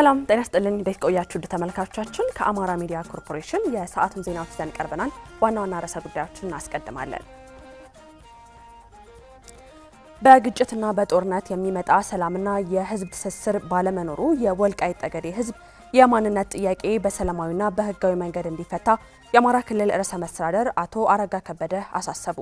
ሰላም ጤና ስጥልን። እንዴት ቆያችሁ? ውድ ተመልካቾቻችን ከአማራ ሚዲያ ኮርፖሬሽን የሰዓቱን ዜናዎች ይዘን ቀርበናል። ዋና ዋና ርዕሰ ጉዳዮችን እናስቀድማለን። በግጭትና በጦርነት የሚመጣ ሰላምና የህዝብ ትስስር ባለመኖሩ የወልቃይት ጠገዴ ህዝብ የማንነት ጥያቄ በሰላማዊና በህጋዊ መንገድ እንዲፈታ የአማራ ክልል ርዕሰ መስተዳደር አቶ አረጋ ከበደ አሳሰቡ።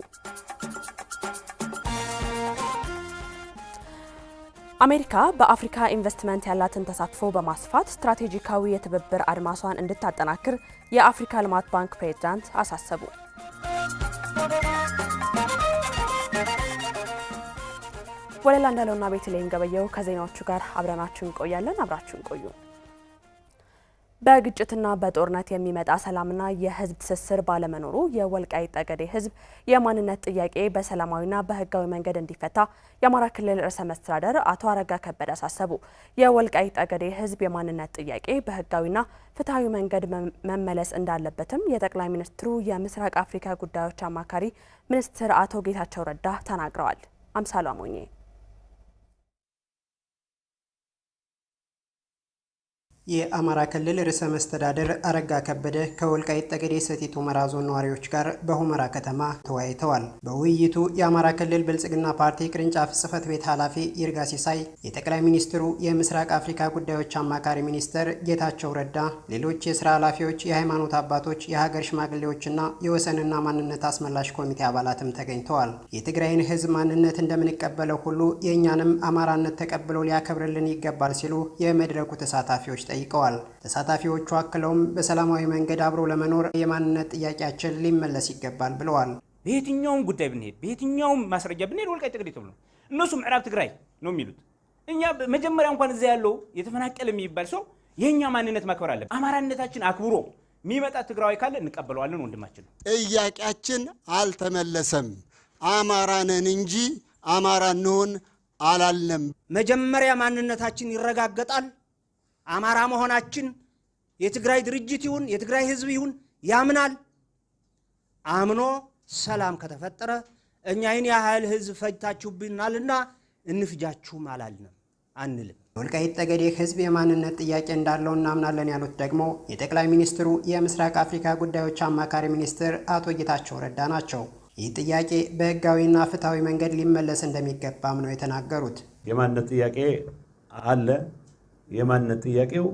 አሜሪካ በአፍሪካ ኢንቨስትመንት ያላትን ተሳትፎ በማስፋት ስትራቴጂካዊ የትብብር አድማሷን እንድታጠናክር የአፍሪካ ልማት ባንክ ፕሬዝዳንት አሳሰቡ። ወለላ እንዳለውና ቤት ላይ እንገበየው ከዜናዎቹ ጋር አብረናችሁ እንቆያለን። አብራችሁ እንቆዩ። በግጭትና በጦርነት የሚመጣ ሰላምና የህዝብ ትስስር ባለመኖሩ የወልቃይት ጠገዴ ህዝብ የማንነት ጥያቄ በሰላማዊና በህጋዊ መንገድ እንዲፈታ የአማራ ክልል ርዕሰ መስተዳደር አቶ አረጋ ከበደ አሳሰቡ። የወልቃይት ጠገዴ ህዝብ የማንነት ጥያቄ በህጋዊና ፍትሐዊ መንገድ መመለስ እንዳለበትም የጠቅላይ ሚኒስትሩ የምስራቅ አፍሪካ ጉዳዮች አማካሪ ሚኒስትር አቶ ጌታቸው ረዳ ተናግረዋል። አምሳሉ አሞኜ የአማራ ክልል ርዕሰ መስተዳደር አረጋ ከበደ ከወልቃይት ጠገዴ ሰቲት ሁመራ ዞን ነዋሪዎች ጋር በሁመራ ከተማ ተወያይተዋል። በውይይቱ የአማራ ክልል ብልጽግና ፓርቲ ቅርንጫፍ ጽህፈት ቤት ኃላፊ ይርጋ ሲሳይ፣ የጠቅላይ ሚኒስትሩ የምስራቅ አፍሪካ ጉዳዮች አማካሪ ሚኒስትር ጌታቸው ረዳ፣ ሌሎች የስራ ኃላፊዎች፣ የሃይማኖት አባቶች፣ የሀገር ሽማግሌዎችና የወሰንና ማንነት አስመላሽ ኮሚቴ አባላትም ተገኝተዋል። የትግራይን ህዝብ ማንነት እንደምንቀበለው ሁሉ የእኛንም አማራነት ተቀብሎ ሊያከብርልን ይገባል ሲሉ የመድረኩ ተሳታፊዎች ጠ ጠይቀዋል። ተሳታፊዎቹ አክለውም በሰላማዊ መንገድ አብሮ ለመኖር የማንነት ጥያቄያችን ሊመለስ ይገባል ብለዋል። በየትኛውም ጉዳይ ብንሄድ፣ በየትኛውም ማስረጃ ብንሄድ ወልቃይት ጠገዴ ተብሎ እነሱ ምዕራብ ትግራይ ነው የሚሉት። እኛ መጀመሪያ እንኳን እዚያ ያለው የተፈናቀለ የሚባል ሰው የእኛ ማንነት ማክበር አለብን። አማራነታችን አክብሮ የሚመጣ ትግራዊ ካለ እንቀበለዋለን። ወንድማችን ነው። ጥያቄያችን አልተመለሰም። አማራነን እንጂ አማራ እንሆን አላልንም። መጀመሪያ ማንነታችን ይረጋገጣል። አማራ መሆናችን የትግራይ ድርጅት ይሁን የትግራይ ህዝብ ይሁን ያምናል። አምኖ ሰላም ከተፈጠረ እኛ ይህን ያህል ህዝብ ፈጅታችሁብናልና እንፍጃችሁም አላልንም አንልም። የወልቃይት ጠገዴ ህዝብ የማንነት ጥያቄ እንዳለው እናምናለን ያሉት ደግሞ የጠቅላይ ሚኒስትሩ የምስራቅ አፍሪካ ጉዳዮች አማካሪ ሚኒስትር አቶ ጌታቸው ረዳ ናቸው። ይህ ጥያቄ በህጋዊና ፍትሐዊ መንገድ ሊመለስ እንደሚገባም ነው የተናገሩት። የማንነት ጥያቄ አለ የማንነት ጥያቄው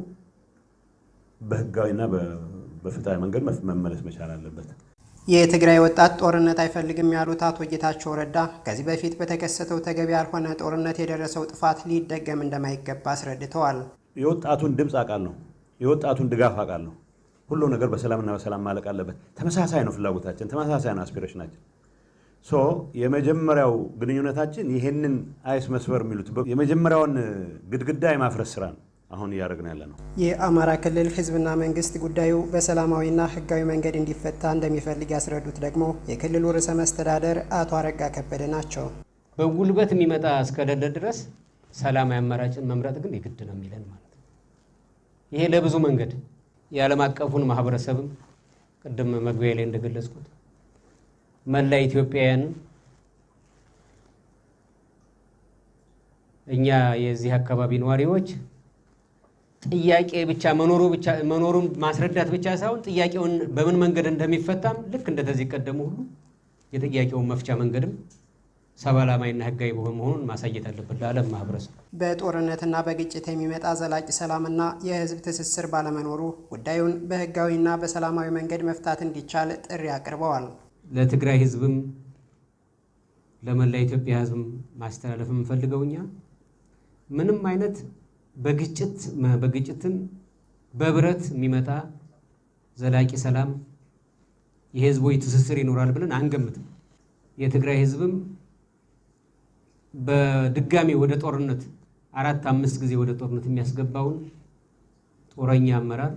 በህጋዊና በፍትሃዊ መንገድ መመለስ መቻል አለበት። የትግራይ ወጣት ጦርነት አይፈልግም ያሉት አቶ ጌታቸው ረዳ ከዚህ በፊት በተከሰተው ተገቢ ያልሆነ ጦርነት የደረሰው ጥፋት ሊደገም እንደማይገባ አስረድተዋል። የወጣቱን ድምፅ አውቃለሁ፣ የወጣቱን ድጋፍ አውቃለሁ። ሁሉ ነገር በሰላምና በሰላም ማለቅ አለበት። ተመሳሳይ ነው ፍላጎታችን፣ ተመሳሳይ ነው አስፒሬሽናችን። ሶ የመጀመሪያው ግንኙነታችን ይሄንን አይስ መስበር የሚሉት የመጀመሪያውን ግድግዳ የማፍረስ ስራ ነው አሁን እያደረግን ያለ ነው። የአማራ ክልል ህዝብና መንግስት ጉዳዩ በሰላማዊና ህጋዊ መንገድ እንዲፈታ እንደሚፈልግ ያስረዱት ደግሞ የክልሉ ርዕሰ መስተዳደር አቶ አረጋ ከበደ ናቸው። በጉልበት የሚመጣ እስከሌለ ድረስ ሰላማዊ አማራጭን መምረጥ ግን የግድ ነው የሚለን ማለት ነው። ይሄ ለብዙ መንገድ የዓለም አቀፉን ማህበረሰብም ቅድም መግቢያ ላይ እንደገለጽኩት መላ ኢትዮጵያውያን እኛ የዚህ አካባቢ ነዋሪዎች ጥያቄ ብቻ መኖሩ ብቻ መኖሩን ማስረዳት ብቻ ሳይሆን ጥያቄውን በምን መንገድ እንደሚፈታም ልክ እንደተዚህ ቀደሙ ሁሉ የጥያቄውን መፍቻ መንገድም ሰባ ዓላማዊና ሕጋዊ መሆኑን ማሳየት አለበት ለዓለም ማህበረሰብ። በጦርነትና በግጭት የሚመጣ ዘላቂ ሰላምና የህዝብ ትስስር ባለመኖሩ ጉዳዩን በህጋዊና በሰላማዊ መንገድ መፍታት እንዲቻል ጥሪ አቅርበዋል። ለትግራይ ህዝብም ለመላ ኢትዮጵያ ህዝብም ማስተላለፍ የምንፈልገው እኛ ምንም አይነት በግጭት በግጭትን በብረት የሚመጣ ዘላቂ ሰላም የህዝቦች ትስስር ይኖራል ብለን አንገምትም። የትግራይ ህዝብም በድጋሚ ወደ ጦርነት አራት አምስት ጊዜ ወደ ጦርነት የሚያስገባውን ጦረኛ አመራር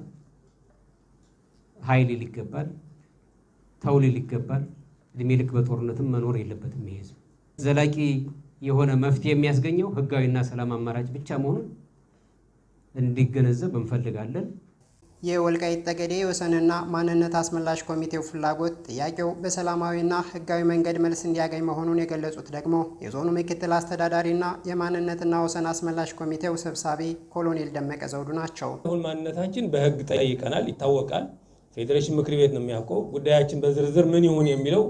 ኃይል ይገባል። ተውሊል ይገባል። እድሜ ልክ በጦርነትም መኖር የለበትም። ይሄ ህዝብ ዘላቂ የሆነ መፍትሄ የሚያስገኘው ህጋዊና ሰላም አማራጭ ብቻ መሆኑን እንዲገነዘብ እንፈልጋለን። የወልቃይት ጠገዴ ወሰንና ማንነት አስመላሽ ኮሚቴው ፍላጎት ጥያቄው በሰላማዊና ህጋዊ መንገድ መልስ እንዲያገኝ መሆኑን የገለጹት ደግሞ የዞኑ ምክትል አስተዳዳሪና የማንነትና ወሰን አስመላሽ ኮሚቴው ሰብሳቢ ኮሎኔል ደመቀ ዘውዱ ናቸው። አሁን ማንነታችን በህግ ጠይቀናል፣ ይታወቃል። ፌዴሬሽን ምክር ቤት ነው የሚያውቀው። ጉዳያችን በዝርዝር ምን ይሁን የሚለው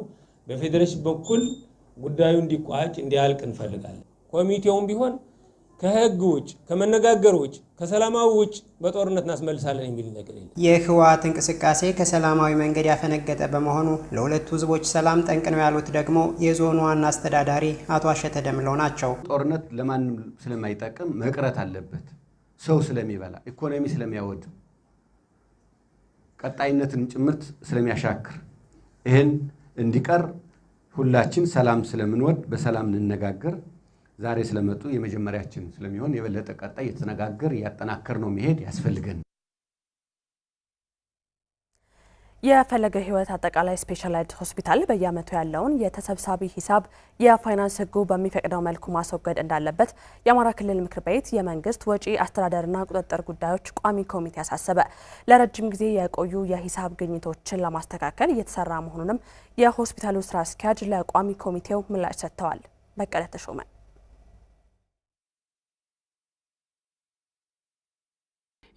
በፌዴሬሽን በኩል ጉዳዩ እንዲቋጭ እንዲያልቅ እንፈልጋለን። ኮሚቴውም ቢሆን ከህግ ውጭ ከመነጋገር ውጭ ከሰላማዊ ውጭ በጦርነት እናስመልሳለን የሚል ነገር የለም። የህወሓት እንቅስቃሴ ከሰላማዊ መንገድ ያፈነገጠ በመሆኑ ለሁለቱ ህዝቦች ሰላም ጠንቅ ነው ያሉት ደግሞ የዞኑ ዋና አስተዳዳሪ አቶ አሸተ ደምለው ናቸው። ጦርነት ለማንም ስለማይጠቅም መቅረት አለበት። ሰው ስለሚበላ ኢኮኖሚ ስለሚያወድም ቀጣይነትን ጭምርት ስለሚያሻክር ይህን እንዲቀር ሁላችን ሰላም ስለምንወድ በሰላም እንነጋገር። ዛሬ ስለመጡ የመጀመሪያችን ስለሚሆን የበለጠ ቀጣይ እየተነጋገር እያጠናከር ነው መሄድ ያስፈልገን። የፈለገ ሕይወት አጠቃላይ ስፔሻላይዝድ ሆስፒታል በየዓመቱ ያለውን የተሰብሳቢ ሂሳብ የፋይናንስ ሕጉ በሚፈቅደው መልኩ ማስወገድ እንዳለበት የአማራ ክልል ምክር ቤት የመንግስት ወጪ አስተዳደርና ቁጥጥር ጉዳዮች ቋሚ ኮሚቴ አሳሰበ። ለረጅም ጊዜ የቆዩ የሂሳብ ግኝቶችን ለማስተካከል እየተሰራ መሆኑንም የሆስፒታሉ ስራ አስኪያጅ ለቋሚ ኮሚቴው ምላሽ ሰጥተዋል። በቀለ ተሾመ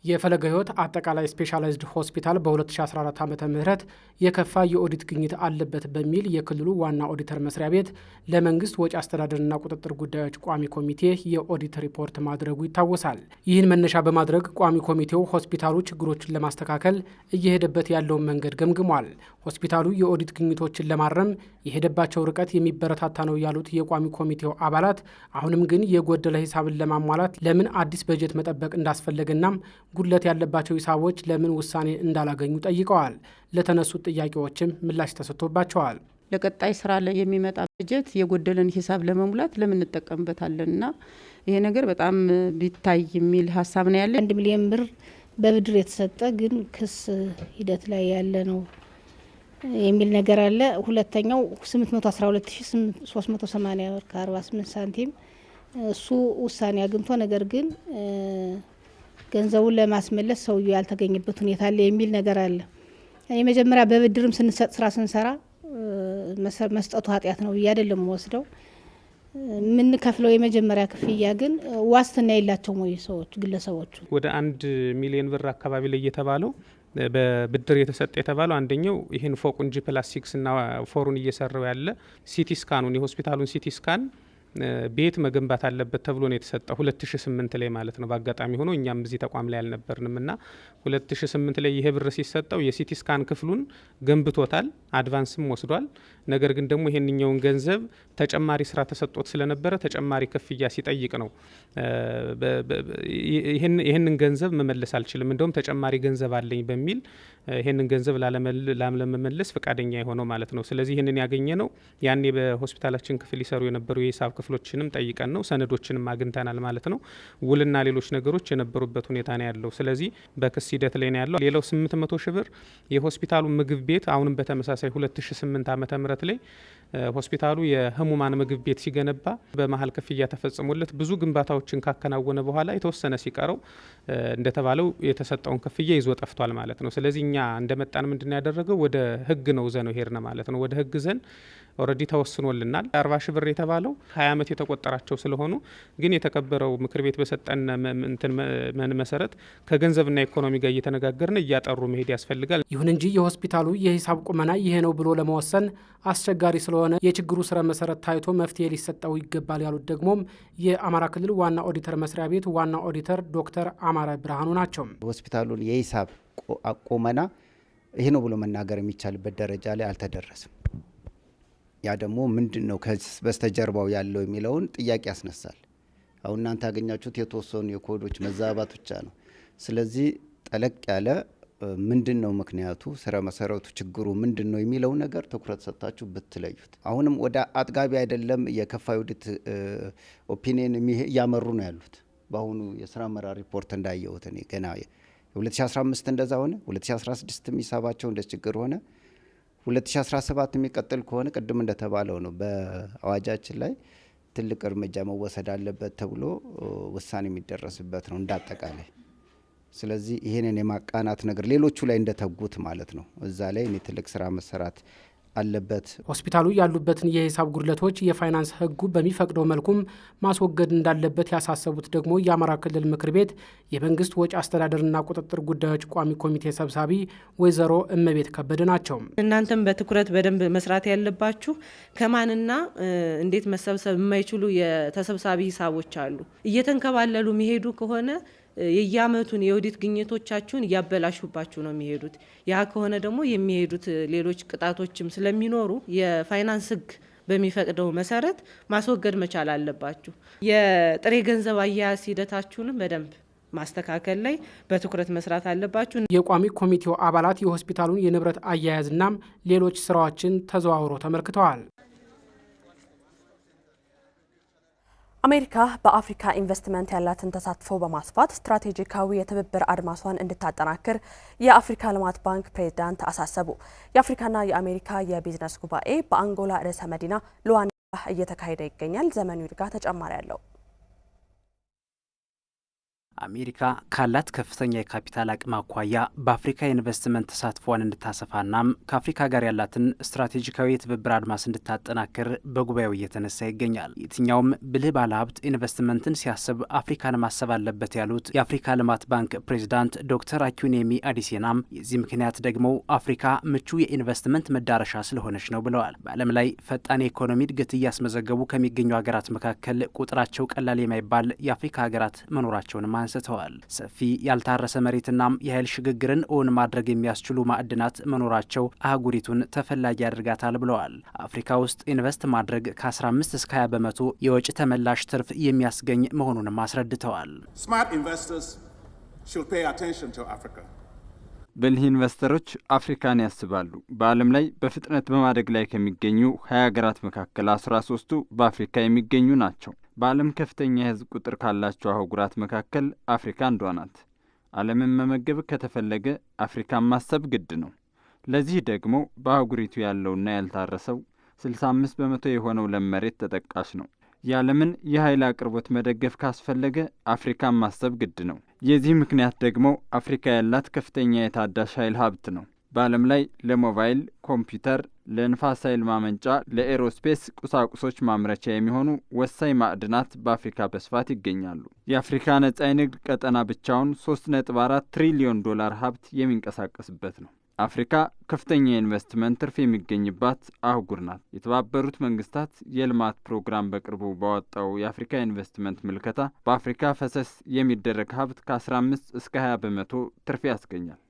የፈለገ ሕይወት አጠቃላይ ስፔሻላይዝድ ሆስፒታል በ2014 ዓ ም የከፋ የኦዲት ግኝት አለበት በሚል የክልሉ ዋና ኦዲተር መስሪያ ቤት ለመንግስት ወጪ አስተዳደርና ቁጥጥር ጉዳዮች ቋሚ ኮሚቴ የኦዲት ሪፖርት ማድረጉ ይታወሳል። ይህን መነሻ በማድረግ ቋሚ ኮሚቴው ሆስፒታሉ ችግሮችን ለማስተካከል እየሄደበት ያለውን መንገድ ገምግሟል። ሆስፒታሉ የኦዲት ግኝቶችን ለማረም የሄደባቸው ርቀት የሚበረታታ ነው ያሉት የቋሚ ኮሚቴው አባላት አሁንም ግን የጎደለ ሂሳብን ለማሟላት ለምን አዲስ በጀት መጠበቅ እንዳስፈለገናም ጉድለት ያለባቸው ሂሳቦች ለምን ውሳኔ እንዳላገኙ ጠይቀዋል። ለተነሱት ጥያቄዎችም ምላሽ ተሰጥቶባቸዋል። ለቀጣይ ስራ ላይ የሚመጣ በጀት የጎደለን ሂሳብ ለመሙላት ለምን እንጠቀምበታለን እና ይሄ ነገር በጣም ቢታይ የሚል ሀሳብ ነው ያለ። አንድ ሚሊዮን ብር በብድር የተሰጠ ግን ክስ ሂደት ላይ ያለ ነው የሚል ነገር አለ። ሁለተኛው 812380 ብር ከ48 ሳንቲም እሱ ውሳኔ አግኝቶ ነገር ግን ገንዘቡን ለማስመለስ ሰውየው ያልተገኘበት ሁኔታ አለ የሚል ነገር አለ። የመጀመሪያ በብድርም ስንሰጥ ስራ ስንሰራ መስጠቱ ኃጢአት ነው ብዬ አይደለም ወስደው የምንከፍለው የመጀመሪያ ክፍያ ግን ዋስትና የላቸውም ወይ ሰዎች ግለሰቦቹ ወደ አንድ ሚሊዮን ብር አካባቢ ላይ እየተባለው በብድር የተሰጠ የተባለው አንደኛው ይህን ፎቁን ጂ ፕላስ ሲክስ እና ፎሩን እየሰራው ያለ ሲቲ ስካኑን የሆስፒታሉን ሲቲ ስካን ቤት መገንባት አለበት ተብሎ ነው የተሰጠ 2008 ላይ ማለት ነው። በአጋጣሚ ሆኖ እኛም እዚህ ተቋም ላይ አልነበርንም እና 2008 ላይ ይሄ ብር ሲሰጠው የሲቲ ስካን ክፍሉን ገንብቶታል፣ አድቫንስም ወስዷል። ነገር ግን ደግሞ ይሄንኛውን ገንዘብ ተጨማሪ ስራ ተሰጥቶት ስለነበረ ተጨማሪ ክፍያ ሲጠይቅ ነው ይህንን ገንዘብ መመለስ አልችልም፣ እንደውም ተጨማሪ ገንዘብ አለኝ በሚል ይህንን ገንዘብ ላለመመለስ ፈቃደኛ የሆነው ማለት ነው። ስለዚህ ይህንን ያገኘ ነው ያኔ በሆስፒታላችን ክፍል ይሰሩ የነበሩ የሂሳብ ክፍሎችንም ጠይቀን ነው ሰነዶችንም አግኝተናል ማለት ነው። ውልና ሌሎች ነገሮች የነበሩበት ሁኔታ ነው ያለው። ስለዚህ በክስ ሂደት ላይ ነው ያለው። ሌላው 800 ሺ ብር የሆስፒታሉ ምግብ ቤት አሁንም በተመሳሳይ 2008 ዓ ም ላይ ሆስፒታሉ የህሙማን ምግብ ቤት ሲገነባ በመሀል ክፍያ ተፈጽሞለት ብዙ ግንባታዎችን ካከናወነ በኋላ የተወሰነ ሲቀረው እንደተባለው የተሰጠውን ክፍያ ይዞ ጠፍቷል ማለት ነው። ስለዚህ እኛ እንደመጣን ምንድን ያደረገው ወደ ህግ ነው ዘነው ሄድን ማለት ነው። ወደ ህግ ዘን ኦልሬዲ ተወስኖልናል። አርባ ሺ ብር የተባለው ሀያ ዓመት የተቆጠራቸው ስለሆኑ ግን የተከበረው ምክር ቤት በሰጠን እንትን መሰረት ከገንዘብና ኢኮኖሚ ጋር እየተነጋገርን እያጠሩ መሄድ ያስፈልጋል። ይሁን እንጂ የሆስፒታሉ የሂሳብ ቁመና ይሄ ነው ብሎ ለመወሰን አስቸጋሪ ስለሆነ ስለሆነ የችግሩ ስረ መሰረት ታይቶ መፍትሄ ሊሰጠው ይገባል ያሉት ደግሞም የአማራ ክልል ዋና ኦዲተር መስሪያ ቤት ዋና ኦዲተር ዶክተር አማረ ብርሃኑ ናቸው። ሆስፒታሉን የሂሳብ አቆመና ይህ ነው ብሎ መናገር የሚቻልበት ደረጃ ላይ አልተደረስም። ያ ደግሞ ምንድን ነው በስተጀርባው ያለው የሚለውን ጥያቄ ያስነሳል። አሁን እናንተ ያገኛችሁት የተወሰኑ የኮዶች መዛባት ብቻ ነው። ስለዚህ ጠለቅ ያለ ምንድን ነው ምክንያቱ፣ ስረ መሰረቱ ችግሩ ምንድን ነው የሚለው ነገር ትኩረት ሰጥታችሁ ብትለዩት። አሁንም ወደ አጥጋቢ አይደለም የከፋ ውድት ኦፒኒየን እያመሩ ነው ያሉት። በአሁኑ የስራ አመራር ሪፖርት እንዳየሁት እኔ ገና 2015 እንደዛ ሆነ፣ 2016 የሚሳባቸው እንደ ችግር ሆነ፣ 2017 የሚቀጥል ከሆነ ቅድም እንደተባለው ነው በአዋጃችን ላይ ትልቅ እርምጃ መወሰድ አለበት ተብሎ ውሳኔ የሚደረስበት ነው እንዳጠቃላይ ስለዚህ ይሄንን የማቃናት ነገር ሌሎቹ ላይ እንደተጉት ማለት ነው። እዛ ላይ እኔ ትልቅ ስራ መሰራት አለበት። ሆስፒታሉ ያሉበትን የሂሳብ ጉድለቶች የፋይናንስ ህጉ በሚፈቅደው መልኩም ማስወገድ እንዳለበት ያሳሰቡት ደግሞ የአማራ ክልል ምክር ቤት የመንግስት ወጪ አስተዳደርና ቁጥጥር ጉዳዮች ቋሚ ኮሚቴ ሰብሳቢ ወይዘሮ እመቤት ከበደ ናቸው። እናንተም በትኩረት በደንብ መስራት ያለባችሁ ከማንና እንዴት መሰብሰብ የማይችሉ የተሰብሳቢ ሂሳቦች አሉ እየተንከባለሉ የሚሄዱ ከሆነ የየአመቱን የኦዲት ግኝቶቻችሁን እያበላሹባችሁ ነው የሚሄዱት። ያ ከሆነ ደግሞ የሚሄዱት ሌሎች ቅጣቶችም ስለሚኖሩ የፋይናንስ ህግ በሚፈቅደው መሰረት ማስወገድ መቻል አለባችሁ። የጥሬ ገንዘብ አያያዝ ሂደታችሁንም በደንብ ማስተካከል ላይ በትኩረት መስራት አለባችሁ። የቋሚ ኮሚቴው አባላት የሆስፒታሉን የንብረት አያያዝና ሌሎች ስራዎችን ተዘዋውሮ ተመልክተዋል። አሜሪካ በአፍሪካ ኢንቨስትመንት ያላትን ተሳትፎ በማስፋት ስትራቴጂካዊ የትብብር አድማሷን እንድታጠናክር የአፍሪካ ልማት ባንክ ፕሬዚዳንት አሳሰቡ። የአፍሪካና የአሜሪካ የቢዝነስ ጉባኤ በአንጎላ ርዕሰ መዲና ሉዋንዳ እየተካሄደ ይገኛል። ዘመኑ ይርጋ ተጨማሪ አለው። አሜሪካ ካላት ከፍተኛ የካፒታል አቅም አኳያ በአፍሪካ የኢንቨስትመንት ተሳትፏን እንድታሰፋና ከአፍሪካ ጋር ያላትን ስትራቴጂካዊ የትብብር አድማስ እንድታጠናክር በጉባኤው እየተነሳ ይገኛል። የትኛውም ብልህ ባለሀብት ኢንቨስትመንትን ሲያስብ አፍሪካን ማሰብ አለበት ያሉት የአፍሪካ ልማት ባንክ ፕሬዚዳንት ዶክተር አኪኔሚ አዲሴናም የዚህ ምክንያት ደግሞ አፍሪካ ምቹ የኢንቨስትመንት መዳረሻ ስለሆነች ነው ብለዋል። በዓለም ላይ ፈጣን የኢኮኖሚ እድገት እያስመዘገቡ ከሚገኙ ሀገራት መካከል ቁጥራቸው ቀላል የማይባል የአፍሪካ ሀገራት መኖራቸውንም አንስተዋል። ሰፊ ያልታረሰ መሬትናም የኃይል ሽግግርን እውን ማድረግ የሚያስችሉ ማዕድናት መኖራቸው አህጉሪቱን ተፈላጊ ያደርጋታል ብለዋል። አፍሪካ ውስጥ ኢንቨስት ማድረግ ከ15 እስከ 20 በመቶ የወጪ ተመላሽ ትርፍ የሚያስገኝ መሆኑንም አስረድተዋል። ብልህ ኢንቨስተሮች አፍሪካን ያስባሉ። በዓለም ላይ በፍጥነት በማደግ ላይ ከሚገኙ ሀያ ሀገራት መካከል አስራ ሶስቱ በአፍሪካ የሚገኙ ናቸው። በዓለም ከፍተኛ የህዝብ ቁጥር ካላቸው አህጉራት መካከል አፍሪካ አንዷ ናት። ዓለምን መመገብ ከተፈለገ አፍሪካን ማሰብ ግድ ነው። ለዚህ ደግሞ በአህጉሪቱ ያለውና ያልታረሰው 65 በመቶ የሆነው ለም መሬት ተጠቃሽ ነው። የዓለምን የኃይል አቅርቦት መደገፍ ካስፈለገ አፍሪካን ማሰብ ግድ ነው። የዚህ ምክንያት ደግሞ አፍሪካ ያላት ከፍተኛ የታዳሽ ኃይል ሀብት ነው። በዓለም ላይ ለሞባይል ኮምፒውተር፣ ለንፋስ ኃይል ማመንጫ፣ ለኤሮስፔስ ቁሳቁሶች ማምረቻ የሚሆኑ ወሳኝ ማዕድናት በአፍሪካ በስፋት ይገኛሉ። የአፍሪካ ነጻ የንግድ ቀጠና ብቻውን 3.4 ትሪሊዮን ዶላር ሀብት የሚንቀሳቀስበት ነው። አፍሪካ ከፍተኛ የኢንቨስትመንት ትርፍ የሚገኝባት አህጉር ናት። የተባበሩት መንግስታት የልማት ፕሮግራም በቅርቡ ባወጣው የአፍሪካ ኢንቨስትመንት ምልከታ በአፍሪካ ፈሰስ የሚደረግ ሀብት ከ15 እስከ 20 በመቶ ትርፍ ያስገኛል።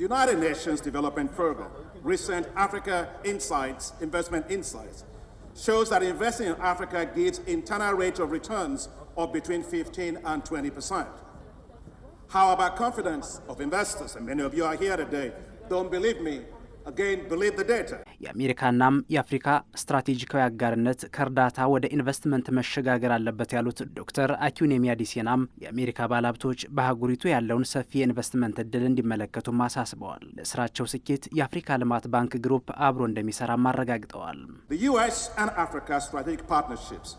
The United Nations Development Program, recent Africa Insights, Investment Insights, shows that investing in Africa gives internal rates of returns of between 15 and 20 percent. How about confidence of investors? And many of you are here today. Don't believe me, የአሜሪካናም የአፍሪካ ስትራቴጂካዊ አጋርነት ከእርዳታ ወደ ኢንቨስትመንት መሸጋገር አለበት ያሉት ዶክተር አኪዩኔሚ አዲሴናም የአሜሪካ ባለሀብቶች በአህጉሪቱ ያለውን ሰፊ የኢንቨስትመንት እድል እንዲመለከቱም አሳስበዋል። ለስራቸው ስኬት የአፍሪካ ልማት ባንክ ግሩፕ አብሮ እንደሚሰራም አረጋግጠዋል። The US and Africa strategic partnerships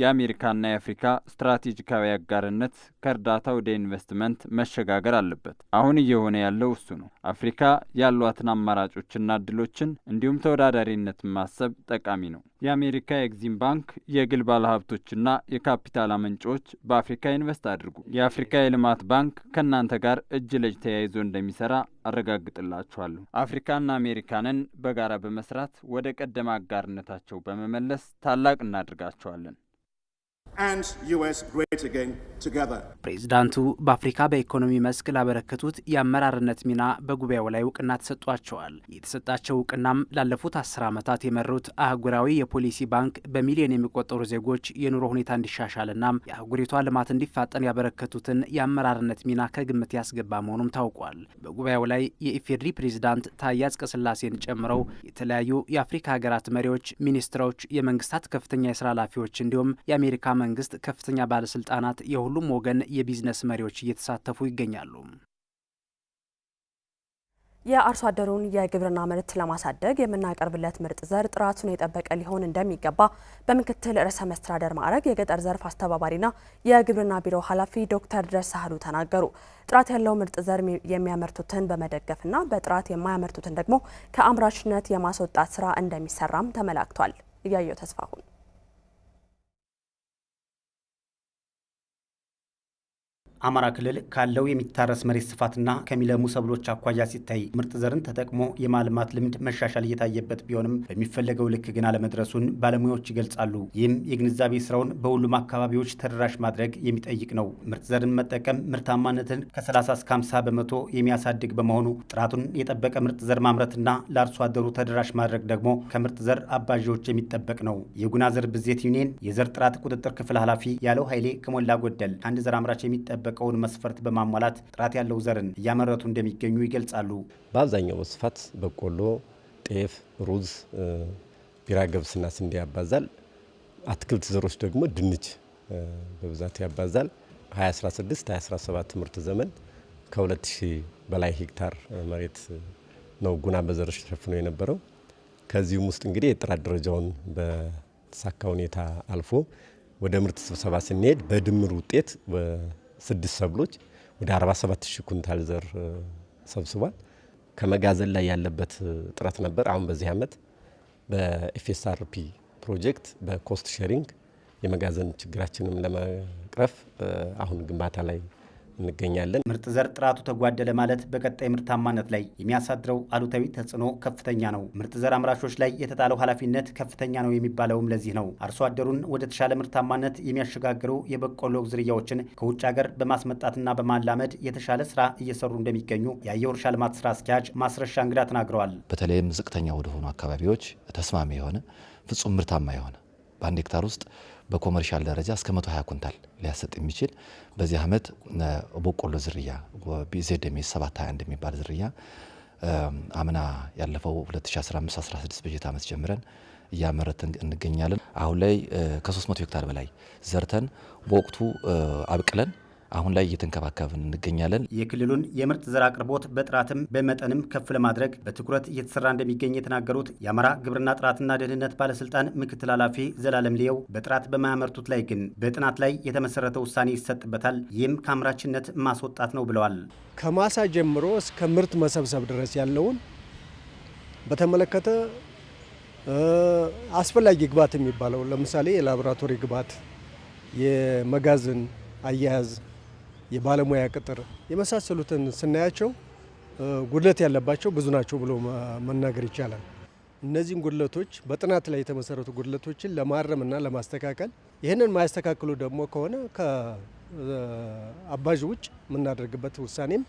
የአሜሪካና የአፍሪካ ስትራቴጂካዊ አጋርነት ከእርዳታ ወደ ኢንቨስትመንት መሸጋገር አለበት። አሁን እየሆነ ያለው እሱ ነው። አፍሪካ ያሏትን አማራጮችና እድሎችን እንዲሁም ተወዳዳሪነትን ማሰብ ጠቃሚ ነው። የአሜሪካ የኤግዚም ባንክ የግል ባለሀብቶችና የካፒታል አመንጮች በአፍሪካ ኢንቨስት አድርጉ። የአፍሪካ የልማት ባንክ ከእናንተ ጋር እጅ ለእጅ ተያይዞ እንደሚሰራ አረጋግጥላችኋለሁ። አፍሪካና አሜሪካንን በጋራ በመስራት ወደ ቀደመ አጋርነታቸው በመመለስ ታላቅ እናድርጋቸዋለን። ፕሬዚዳንቱ በአፍሪካ በኢኮኖሚ መስክ ላበረከቱት የአመራርነት ሚና በጉባኤው ላይ እውቅና ተሰጥቷቸዋል። የተሰጣቸው እውቅናም ላለፉት አስር ዓመታት የመሩት አህጉራዊ የፖሊሲ ባንክ በሚሊዮን የሚቆጠሩ ዜጎች የኑሮ ሁኔታ እንዲሻሻልና የአህጉሪቷ ልማት እንዲፋጠን ያበረከቱትን የአመራርነት ሚና ከግምት ያስገባ መሆኑም ታውቋል። በጉባኤው ላይ የኢፌዴሪ ፕሬዚዳንት ታዬ አጽቀሥላሴን ጨምረው የተለያዩ የአፍሪካ ሀገራት መሪዎች፣ ሚኒስትሮች፣ የመንግስታት ከፍተኛ የስራ ኃላፊዎች እንዲሁም የአሜሪካ መንግስት ከፍተኛ ባለስልጣናት፣ የሁሉም ወገን የቢዝነስ መሪዎች እየተሳተፉ ይገኛሉ። የአርሶ አደሩን የግብርና ምርት ለማሳደግ የምናቀርብለት ምርጥ ዘር ጥራቱን የጠበቀ ሊሆን እንደሚገባ በምክትል ርዕሰ መስተዳደር ማዕረግ የገጠር ዘርፍ አስተባባሪና የግብርና ቢሮ ኃላፊ ዶክተር ድረስ ሳህሉ ተናገሩ። ጥራት ያለው ምርጥ ዘር የሚያመርቱትን በመደገፍና በጥራት የማያመርቱትን ደግሞ ከአምራችነት የማስወጣት ስራ እንደሚሰራም ተመላክቷል። እያየው ተስፋሁን አማራ ክልል ካለው የሚታረስ መሬት ስፋትና ከሚለሙ ሰብሎች አኳያ ሲታይ ምርጥ ዘርን ተጠቅሞ የማልማት ልምድ መሻሻል እየታየበት ቢሆንም በሚፈለገው ልክ ግን አለመድረሱን ባለሙያዎች ይገልጻሉ። ይህም የግንዛቤ ስራውን በሁሉም አካባቢዎች ተደራሽ ማድረግ የሚጠይቅ ነው። ምርጥ ዘርን መጠቀም ምርታማነትን ከ30 እስከ 50 በመቶ የሚያሳድግ በመሆኑ ጥራቱን የጠበቀ ምርጥ ዘር ማምረትና ለአርሶ አደሩ ተደራሽ ማድረግ ደግሞ ከምርጥ ዘር አባዦች የሚጠበቅ ነው። የጉና ዘር ብዜት ዩኒየን የዘር ጥራት ቁጥጥር ክፍል ኃላፊ ያለው ኃይሌ ከሞላ ጎደል አንድ ዘር አምራች የሚጠበቅ የሚጠበቀውን መስፈርት በማሟላት ጥራት ያለው ዘርን እያመረቱ እንደሚገኙ ይገልጻሉ። በአብዛኛው በስፋት በቆሎ፣ ጤፍ፣ ሩዝ፣ ቢራ፣ ገብስና ስንዴ ያባዛል። አትክልት ዘሮች ደግሞ ድንች በብዛት ያባዛል። 2016 2017 ትምህርት ዘመን ከ2000 በላይ ሄክታር መሬት ነው ጉና በዘሮች ተሸፍኖ የነበረው። ከዚሁም ውስጥ እንግዲህ የጥራት ደረጃውን በተሳካ ሁኔታ አልፎ ወደ ምርት ስብሰባ ስንሄድ በድምር ውጤት ስድስት ሰብሎች ወደ 47 ሺህ ኩንታል ዘር ሰብስቧል። ከመጋዘን ላይ ያለበት እጥረት ነበር። አሁን በዚህ ዓመት በኤፍኤስአርፒ ፕሮጀክት በኮስት ሼሪንግ የመጋዘን ችግራችንም ለመቅረፍ አሁን ግንባታ ላይ እንገኛለን። ምርጥ ዘር ጥራቱ ተጓደለ ማለት በቀጣይ ምርታማነት ላይ የሚያሳድረው አሉታዊ ተጽዕኖ ከፍተኛ ነው። ምርጥ ዘር አምራቾች ላይ የተጣለው ኃላፊነት ከፍተኛ ነው የሚባለውም ለዚህ ነው። አርሶ አደሩን ወደ ተሻለ ምርታማነት የሚያሸጋግሩ የበቆሎ ዝርያዎችን ከውጭ ሀገር በማስመጣትና በማላመድ የተሻለ ስራ እየሰሩ እንደሚገኙ የአየር እርሻ ልማት ስራ አስኪያጅ ማስረሻ እንግዳ ተናግረዋል። በተለይም ዝቅተኛ ወደሆኑ አካባቢዎች ተስማሚ የሆነ ፍጹም ምርታማ የሆነ በአንድ ሄክታር ውስጥ በኮመርሻል ደረጃ እስከ 120 ኩንታል ሊያሰጥ የሚችል በዚህ ዓመት በቆሎ ዝርያ ቢዜደሜ 721 የሚባል ዝርያ አምና ያለፈው 2015/16 በጀት ዓመት ጀምረን እያመረትን እንገኛለን። አሁን ላይ ከ300 ሄክታር በላይ ዘርተን በወቅቱ አብቅለን አሁን ላይ እየተንከባከብን እንገኛለን። የክልሉን የምርጥ ዘር አቅርቦት በጥራትም በመጠንም ከፍ ለማድረግ በትኩረት እየተሰራ እንደሚገኝ የተናገሩት የአማራ ግብርና ጥራትና ደህንነት ባለስልጣን ምክትል ኃላፊ ዘላለም ልየው በጥራት በማያመርቱት ላይ ግን በጥናት ላይ የተመሰረተ ውሳኔ ይሰጥበታል፣ ይህም ከአምራችነት ማስወጣት ነው ብለዋል። ከማሳ ጀምሮ እስከ ምርት መሰብሰብ ድረስ ያለውን በተመለከተ አስፈላጊ ግብዓት የሚባለው ለምሳሌ የላቦራቶሪ ግብዓት፣ የመጋዘን አያያዝ የባለሙያ ቅጥር የመሳሰሉትን ስናያቸው ጉድለት ያለባቸው ብዙ ናቸው ብሎ መናገር ይቻላል። እነዚህን ጉድለቶች በጥናት ላይ የተመሰረቱ ጉድለቶችን ለማረምና ለማስተካከል ይህንን ማያስተካክሉ ደግሞ ከሆነ ከአባዥ ውጭ የምናደርግበት ውሳኔም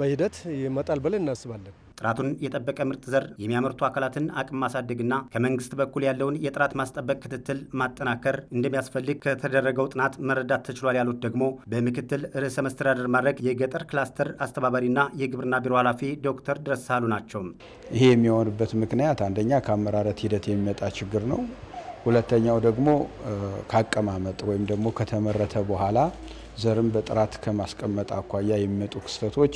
በሂደት ይመጣል ብለን እናስባለን። ጥራቱን የጠበቀ ምርጥ ዘር የሚያመርቱ አካላትን አቅም ማሳደግና ከመንግስት በኩል ያለውን የጥራት ማስጠበቅ ክትትል ማጠናከር እንደሚያስፈልግ ከተደረገው ጥናት መረዳት ተችሏል ያሉት ደግሞ በምክትል ርዕሰ መስተዳደር ማድረግ የገጠር ክላስተር አስተባባሪና የግብርና ቢሮ ኃላፊ ዶክተር ድረሳሉ ናቸው። ይሄ የሚሆንበት ምክንያት አንደኛ ከአመራረት ሂደት የሚመጣ ችግር ነው። ሁለተኛው ደግሞ ከአቀማመጥ ወይም ደግሞ ከተመረተ በኋላ ዘርን በጥራት ከማስቀመጥ አኳያ የሚመጡ ክስተቶች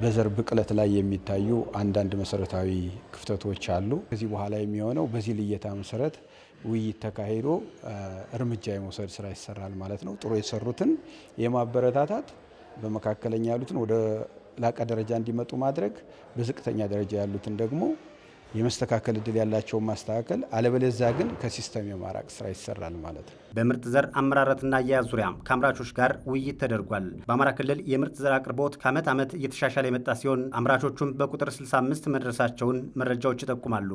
በዘር ብቅለት ላይ የሚታዩ አንዳንድ መሰረታዊ ክፍተቶች አሉ። ከዚህ በኋላ የሚሆነው በዚህ ልየታ መሰረት ውይይት ተካሂዶ እርምጃ የመውሰድ ስራ ይሰራል ማለት ነው። ጥሩ የሰሩትን የማበረታታት በመካከለኛ ያሉትን ወደ ላቀ ደረጃ እንዲመጡ ማድረግ፣ በዝቅተኛ ደረጃ ያሉትን ደግሞ የመስተካከል እድል ያላቸውን ማስተካከል፣ አለበለዚያ ግን ከሲስተም የማራቅ ስራ ይሰራል ማለት ነው። በምርጥ ዘር አመራረትና አያያዝ ዙሪያ ከአምራቾች ጋር ውይይት ተደርጓል። በአማራ ክልል የምርጥ ዘር አቅርቦት ከዓመት ዓመት እየተሻሻለ የመጣ ሲሆን አምራቾቹም በቁጥር 65 መድረሳቸውን መረጃዎች ይጠቁማሉ።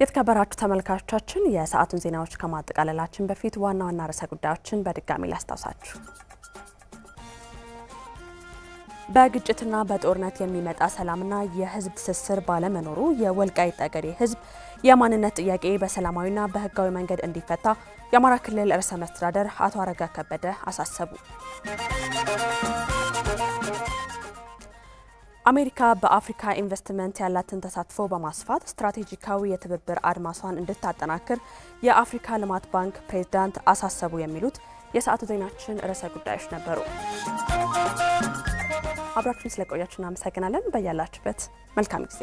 የተከበራችሁ ተመልካቾቻችን የሰዓቱን ዜናዎች ከማጠቃለላችን በፊት ዋና ዋና ርዕሰ ጉዳዮችን በድጋሚ ላስታውሳችሁ። በግጭትና በጦርነት የሚመጣ ሰላምና የህዝብ ትስስር ባለመኖሩ የወልቃይት ጠገዴ ህዝብ የማንነት ጥያቄ በሰላማዊና በህጋዊ መንገድ እንዲፈታ የአማራ ክልል ርዕሰ መስተዳደር አቶ አረጋ ከበደ አሳሰቡ። አሜሪካ በአፍሪካ ኢንቨስትመንት ያላትን ተሳትፎ በማስፋት ስትራቴጂካዊ የትብብር አድማሷን እንድታጠናክር የአፍሪካ ልማት ባንክ ፕሬዝዳንት አሳሰቡ። የሚሉት የሰዓቱ ዜናችን ርዕሰ ጉዳዮች ነበሩ። አብራችሁን ስለቆያችሁ እናመሰግናለን። በያላችሁበት መልካም ጊዜ